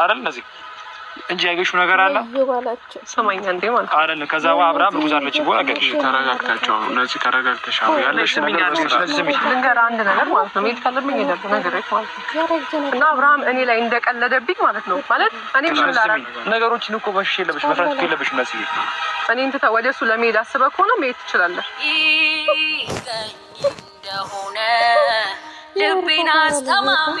አይደል እነዚህ እንጂ ያገሹ ነገር አለ ሰማኛ አይደል። ከዛ በኋላ አብርሃም እርጉዝ አለች ይቦ ነገር ተረጋግታቸው እነዚህ ተረጋግተሻ ያለሽ ነገር አንድ ነገር ማለት ነው ይትከልምኝ ነገር ማለት ነው። እና አብርሃም እኔ ላይ እንደቀለደብኝ ማለት ነው ማለት እኔ ምን ላረግ ነገሮችን እኮ በሽ የለብሽ መፍራት የለብሽ ነጽ እኔ እንትታ ወደ እሱ ለመሄድ አስበ ከሆነ መሄድ ትችላለህ። ይገኝ እንደሆነ ልቤን አስተማሚ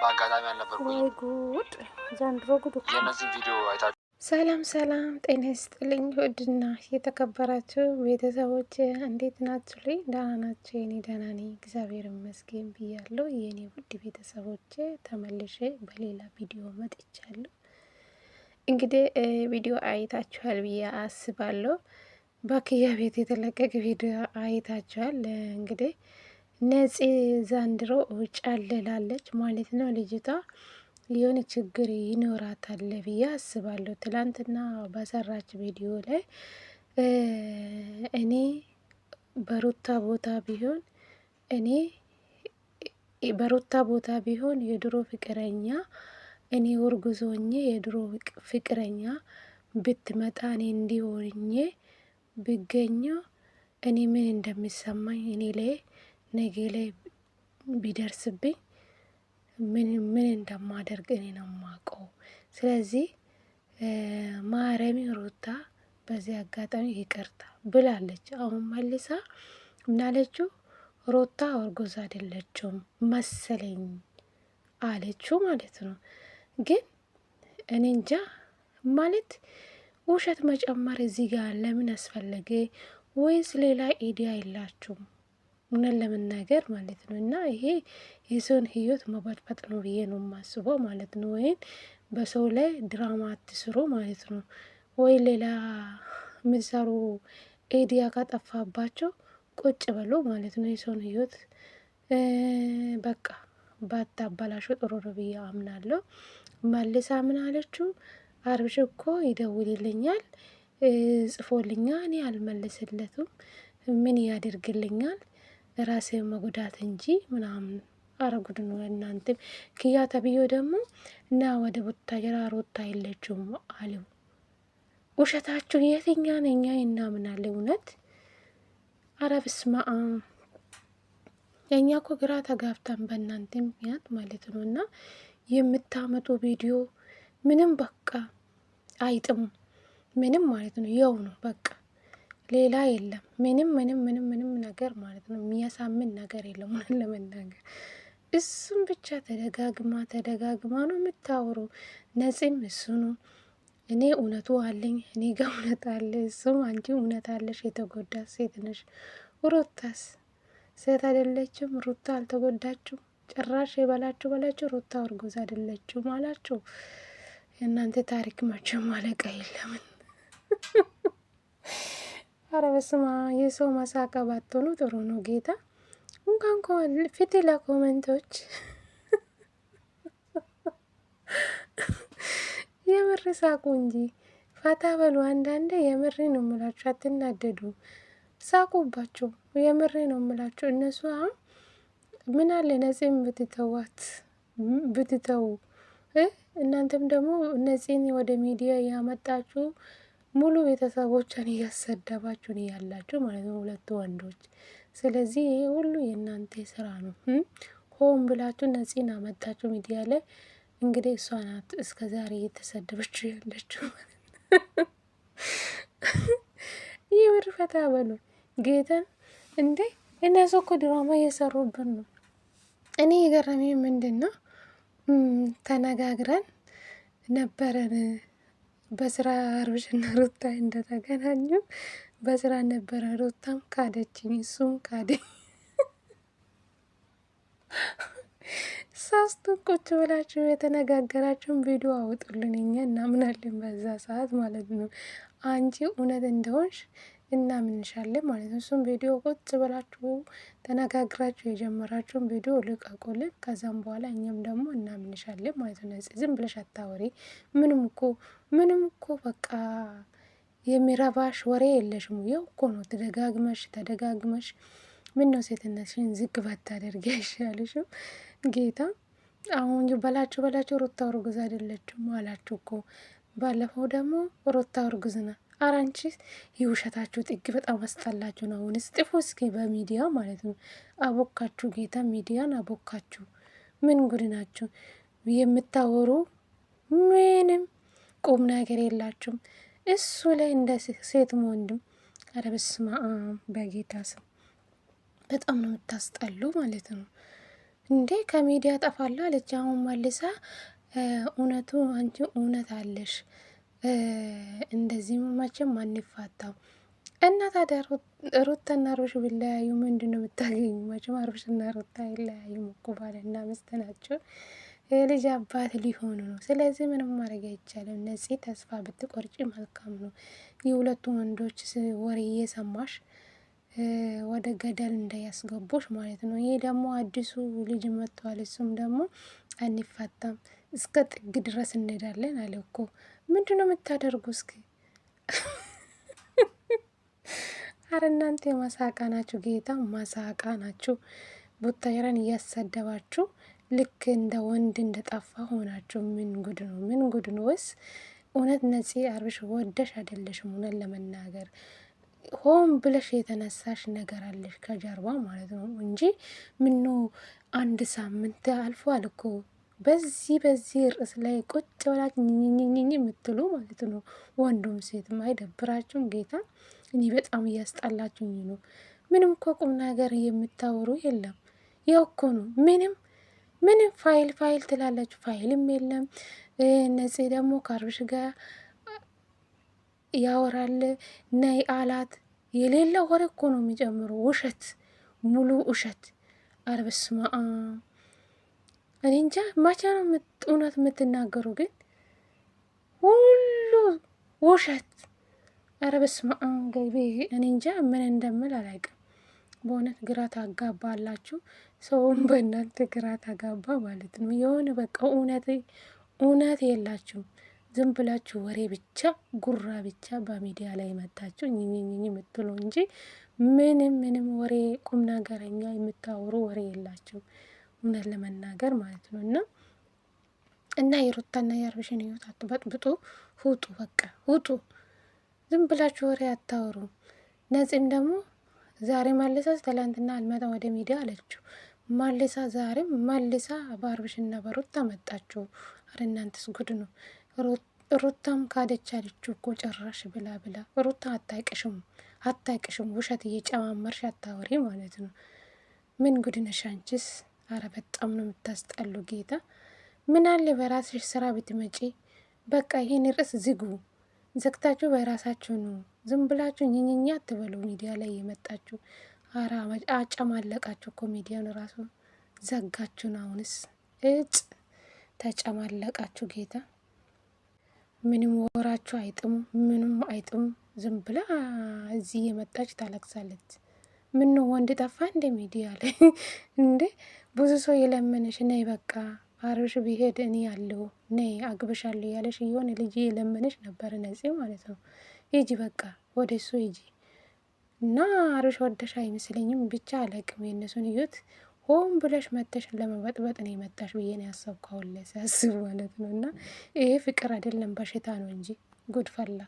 በአጋጣሚ አልነበርኩኝ። ጉድ ዘንድሮ ጉድ። የነዚህ ቪዲዮ አይታችሁ ሰላም ሰላም፣ ጤና ይስጥልኝ ውድና የተከበራችሁ ቤተሰቦች እንዴት ናችሁ? ልኝ ደህና ናቸው። የኔ ደህና ነኝ እግዚአብሔር ይመስገን ብያለሁ። የእኔ ውድ ቤተሰቦች ተመልሼ በሌላ ቪዲዮ መጥቻለሁ። እንግዲህ ቪዲዮ አይታችኋል ብዬ አስባለሁ። በኪያ ቤት የተለቀቀ ቪዲዮ አይታችኋል እንግዲህ ነፂ ዘንድሮ ጨልላለች ማለት ነው። ልጅቷ የሆነ ችግር ይኖራታል ብዬ አስባለሁ። ትላንትና ባሰራች ቪዲዮ ላይ እኔ በሩታ ቦታ ቢሆን እኔ በሩታ ቦታ ቢሆን የድሮ ፍቅረኛ እኔ ወርጉዞኜ የድሮ ፍቅረኛ ብትመጣ እኔ እንዲሆኜ ብገኘው እኔ ምን እንደሚሰማኝ እኔ ላይ ነገ ላይ ቢደርስብኝ ምን ምን እንደማደርግ እኔ ነው የማውቀው። ስለዚህ ማረሚ ሩታ በዚህ አጋጣሚ ይቅርታ ብላለች። አሁን መልሳ ምናለችው? ሩታ እርጉዝ አይደለችም መሰለኝ አለችው ማለት ነው። ግን እኔ እንጃ ማለት ውሸት መጨመር እዚህ ጋር ለምን አስፈለገ? ወይስ ሌላ ኢዲያ የላችሁም? እውነት ለመናገር ማለት ነው። እና ይሄ የሰውን ህይወት መበጥበጥ ነው ብዬ ነው የማስበው ማለት ነው። ወይም በሰው ላይ ድራማ አትስሩ ማለት ነው። ወይ ሌላ የምትሰሩ ኤዲያ ካጠፋባቸው ቁጭ በሉ ማለት ነው። የሰውን ህይወት በቃ ባታበላሹ ጥሩ ነው ብዬ አምናለሁ። መልሳ ምን አለችው? አብርሽ እኮ ይደውልልኛል ጽፎልኛ እኔ አልመልስለትም ምን ያደርግልኛል ራሴ መጉዳት እንጂ ምናምን አረጉድ ነው። እናንተም ክያ ተብዮ ደግሞ እና ወደ ቡታጀራ ሩታ የለችውም አለው። ውሸታችሁ የትኛን እኛ እናምናለን? እውነት አረብስማ በስመ ኮ እኛ ግራ ተጋብተን በእናንተ ምክንያት ማለት ነው። እና የምታመጡ ቪዲዮ ምንም በቃ አይጥሙ ምንም ማለት ነው። የው ነው በቃ ሌላ የለም። ምንም ምንም ምንም ምንም ነገር ማለት ነው የሚያሳምን ነገር የለም ለመናገር እሱም ብቻ ተደጋግማ ተደጋግማ ነው የምታወሩ። ነፂም እሱ ነው እኔ እውነቱ አለኝ፣ እኔ ጋ እውነት አለ፣ እሱም አንቺ እውነት አለሽ። የተጎዳ ሴት ነሽ። ሩታስ ሴት አይደለችም። ሩታ አልተጎዳችሁ? ጭራሽ። የበላችሁ በላችሁ። ሩታ እርጉዝ አይደለችም አላችሁ። የእናንተ ታሪክ መቼም አለቃ የለምን ኧረ በስመ አብ የሰው መሳቂያ ባትሆኑ ጥሩ ነው። ጌታ እንኳን ፊት ለኮመንቶች የምር ሳቁ እንጂ ፋታ በሉ። አንዳንዴ የምሬ ነው የምላችሁ፣ አትናደዱ፣ ሳቁባቸው። የምሬ ነው የምላችሁ። እነሱ አሁን ምን አለ ነጽን ብትተዋት ብትተው እናንተም ደግሞ እነዚህን ወደ ሚዲያ ያመጣችሁ ሙሉ ቤተሰቦቿን እያሰደባችሁን እያላችሁ ማለት ነው ሁለቱ ወንዶች። ስለዚህ ይሄ ሁሉ የእናንተ ስራ ነው። ሆን ብላችሁ ነፂን አመጣችሁ ሚዲያ ላይ። እንግዲህ እሷ ናት እስከ ዛሬ እየተሰደበችው ያለችው ማለት ነው። የምር ፈታ በሉ ጌተን እንዴ! እነሱ እኮ ድራማ እየሰሩብን ነው። እኔ የገረመኝ ምንድን ነው ተነጋግረን ነበረን በስራ አብርሽና ሩታ እንደተገናኙ በስራ ነበረ። ሩታም ካደችኝ፣ እሱም ካደ። ሶስቱን ቁጭ ብላችሁ የተነጋገራችሁን ቪዲዮ አውጡልን፣ እኛ እናምናለን። በዛ ሰዓት ማለት ነው አንቺ እውነት እንደሆንሽ እናምንሻለን ማለት ነው። እሱም ቪዲዮ ቁጭ ብላችሁ ተነጋግራችሁ የጀመራችሁን ቪዲዮ ልቀቁልን። ከዛም በኋላ እኛም ደግሞ እናምንሻለን ማለት ነው። ዝም ብለሽ አታወሪ። ምንም እኮ ምንም እኮ በቃ የሚረባሽ ወሬ የለሽም። ያው እኮ ነው ተደጋግመሽ ተደጋግመሽ ምን ነው ሴትነትሽን ዝግ ባታደርጊ አይሻልሽም? ጌታ አሁን በላችሁ በላችሁ ሩታ እርጉዝ አይደለችም አላችሁ እኮ። ባለፈው ደግሞ ሩታ እርጉዝ ናት ኧረ አንቺ የውሸታችሁ ጥግ በጣም አስጠላችሁ ነው። አሁንስ ጥፉ እስኪ በሚዲያ ማለት ነው። አቦካችሁ፣ ጌታ ሚዲያን አቦካችሁ። ምን ጉድ ናችሁ የምታወሩ? ምንም ቁም ነገር የላችሁም። እሱ ላይ እንደ ሴትም ወንድም ኧረ በስመ አብ በጌታ ስም በጣም ነው የምታስጠሉ ማለት ነው። እንዴ ከሚዲያ ጠፋላ አለች። አሁን መልሳ እውነቱ አንቺ እውነት አለሽ እንደዚህ መቼም ይፋታው እና ታዲያ ሩታና አብርሽ ቢለያዩ ምንድን ነው የምታገኙ? መቼም አብርሽና ሩታ ይለያዩም እኮ ባልና ሚስት ናቸው። የልጅ አባት ሊሆኑ ነው። ስለዚህ ምንም ማድረግ አይቻልም። ነፂ ተስፋ ብትቆርጪ መልካም ነው። የሁለቱ ወንዶች ወሬ እየሰማሽ ወደ ገደል እንዳያስገቡሽ ማለት ነው። ይሄ ደግሞ አዲሱ ልጅ መጥቷል። እሱም ደግሞ አንፋታም እስከ ጥግ ድረስ እንሄዳለን አለ እኮ ምንድን ነው የምታደርጉ? እስኪ አረ እናንተ የማሳቃ ናችሁ፣ ጌታ ማሳቃ ናችሁ። ቡታየራን እያሳደባችሁ ልክ እንደ ወንድ እንደ ጠፋ ሆናችሁ። ምን ጉድ ነው? ምን ጉድ ነው? ወይስ እውነት ነፂ አብርሽ ወደሽ አይደለሽም? እውነት ለመናገር ሆን ብለሽ የተነሳሽ ነገር አለሽ ከጀርባ ማለት ነው እንጂ ምኑ አንድ ሳምንት አልፎ አልኮ በዚህ በዚህ ርዕስ ላይ ቁጭ ብላችሁ ኝኝኝኝ የምትሉ ማለት ነው፣ ወንዱም ሴትም አይደብራችሁም? ጌታ እኔ በጣም እያስጠላችሁኝ ነው። ምንም እኮ ቁም ነገር የምታወሩ የለም። ያው እኮ ነው ምንም ምንም ፋይል ፋይል ትላላችሁ፣ ፋይልም የለም። እነዚህ ደግሞ ከአብርሽ ጋር ያወራል ነይ አላት። የሌለ ወሬ እኮ ነው የሚጨምሩ ውሸት፣ ሙሉ ውሸት አርብስማ እኔ እንጃ መቼ ነው እውነት የምትናገሩ? ግን ሁሉ ውሸት። ኧረ በስመ አብ ገቢ። እኔ እንጃ ምን እንደምል አላውቅም። በእውነት ግራ ታጋባ አላችሁ። ሰውን በእናንተ ግራ ታጋባ ማለት ነው። የሆነ በቃ እውነት እውነት የላችሁም። ዝም ብላችሁ ወሬ ብቻ ጉራ ብቻ በሚዲያ ላይ መታችሁ ኝኝኝ የምትሉ እንጂ ምንም ምንም ወሬ ቁም ነገረኛ የምታወሩ ወሬ የላችሁም። እውነት ለመናገር ማለት ነው እና እና የሩታና የአብርሽን ህይወት አትበጥብጡ። ውጡ፣ በቃ ውጡ። ዝም ብላችሁ ወሬ አታወሩ። ነፂም ደግሞ ዛሬ መልሳ ትላንትና አልመጣም ወደ ሚዲያ አለችው። መልሳ ዛሬም መልሳ በአብርሽና በሩታ መጣችሁ። አረ እናንተስ ጉድ ነው። ሩታም ካደች አለችው እኮ ጭራሽ ብላ ብላ። ሩታ አታቅሽም፣ አታቅሽም። ውሸት እየጨማመርሽ አታወሪ ማለት ነው። ምን ጉድ ነሽ አንቺስ? አረ በጣም ነው የምታስጠሉ። ጌታ ምን አለ በራስሽ ስራ ብትመጪ። በቃ ይሄን ርዕስ ዝጉ፣ ዘግታችሁ በራሳችሁ ነው። ዝም ብላችሁ ኝኝኛ አትበሉ። ሚዲያ ላይ የመጣችሁ አራ አጨማለቃችሁ እኮ ሚዲያን ራሱ ዘጋችሁን። አሁንስ እጭ ተጨማለቃችሁ። ጌታ ምንም ወራችሁ አይጥሙ፣ ምንም አይጥሙ። ዝም ብላ እዚህ የመጣች ታለቅሳለች። ምን ነው ወንድ ጠፋ እንደ ሚዲያ ላይ እንዴ? ብዙ ሰው የለመነሽ ነይ በቃ አብርሽ ቢሄድ እኔ ያለው ነይ አግብሻለሁ ያለሽ እየሆነ ልጅ የለመነሽ ነበር፣ ነጽ ማለት ነው። ሂጂ በቃ ወደ እሱ ሂጂ እና አብርሽ ወደሽ አይመስለኝም። ብቻ አለቅም የእነሱን ህይወት ሆን ብለሽ መተሽ ለመበጥበጥ ነው የመጣሽ ብዬ ነው ያሰብኩ፣ አሁን ላይ ሳስብ ማለት ነው። እና ይሄ ፍቅር አይደለም በሽታ ነው እንጂ ጉድፈላ